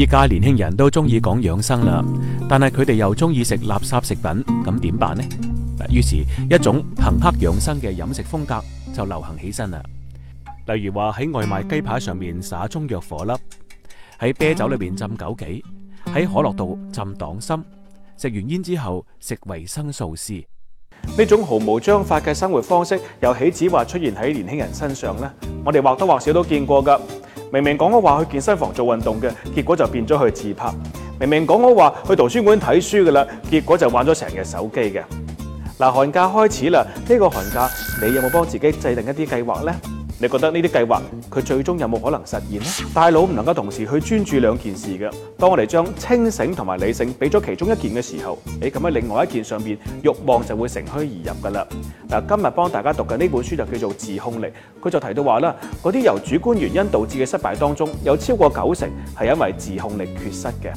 而家年輕人都中意講養生啦，但係佢哋又中意食垃圾食品，咁點辦呢？於是一種朋克養生嘅飲食風格就流行起身啦。例如話喺外賣雞排上面撒中藥火粒，喺啤酒裏面浸枸杞，喺可樂度浸黨參，食完煙之後食維生素 C。呢種毫無章法嘅生活方式，又豈止話出現喺年輕人身上呢？我哋或多或少都見過噶。明明講好話去健身房做運動嘅，結果就變咗去自拍；明明講好話去圖書館睇書嘅啦，結果就玩咗成日手機嘅。嗱，寒假開始啦，呢、這個寒假你有冇幫自己制定一啲計劃咧？你覺得呢啲計劃佢最終有冇可能實現呢？大腦唔能夠同時去專注兩件事嘅。當我哋將清醒同埋理性俾咗其中一件嘅時候，你咁喺另外一件上面，欲望就會乘虛而入噶啦。嗱，今日幫大家讀嘅呢本書就叫做《自控力》，佢就提到話啦，嗰啲由主觀原因導致嘅失敗當中有超過九成係因為自控力缺失嘅。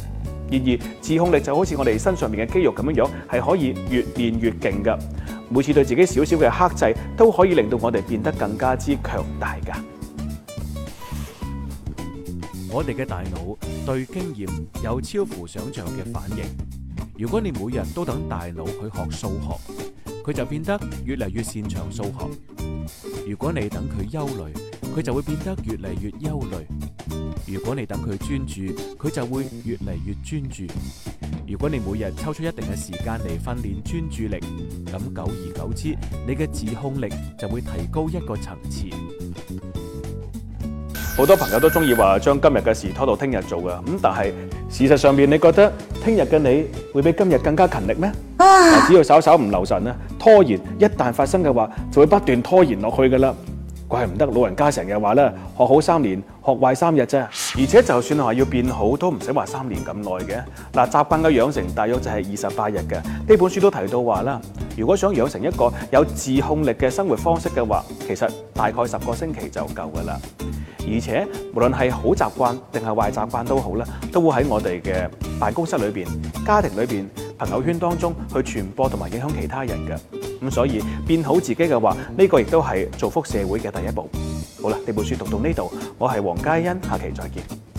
然而，自控力就好似我哋身上面嘅肌肉咁樣樣，係可以越練越勁嘅。每次對自己少少嘅克制，都可以令到我哋變得更加之強大㗎。我哋嘅大腦對經驗有超乎想像嘅反應。如果你每日都等大腦去學數學，佢就變得越嚟越擅長數學。如果你等佢憂慮，佢就會變得越嚟越憂慮。如果你等佢專注，佢就會越嚟越專注。如果你每日抽出一定嘅時間嚟訓練專注力，咁久而久之，你嘅自控力就會提高一個層次。好多朋友都中意話將今日嘅事拖到聽日做噶，咁但係事實上面，你覺得聽日嘅你會比今日更加勤力咩？啊、只要稍稍唔留神啊，拖延一旦發生嘅話，就會不斷拖延落去噶啦怪唔得，老人家成日話咧，學好三年，學壞三日啫。而且就算係話要變好，都唔使話三年咁耐嘅。嗱，習慣嘅養成大約就係二十八日嘅。呢本書都提到話啦，如果想養成一個有自控力嘅生活方式嘅話，其實大概十個星期就夠噶啦。而且無論係好習慣定係壞習慣都好啦，都會喺我哋嘅辦公室裏面、家庭裏面、朋友圈當中去傳播同埋影響其他人嘅。咁所以變好自己嘅話，呢個亦都係造福社會嘅第一步。好啦，呢本書讀到呢度，我係黃嘉欣，下期再見。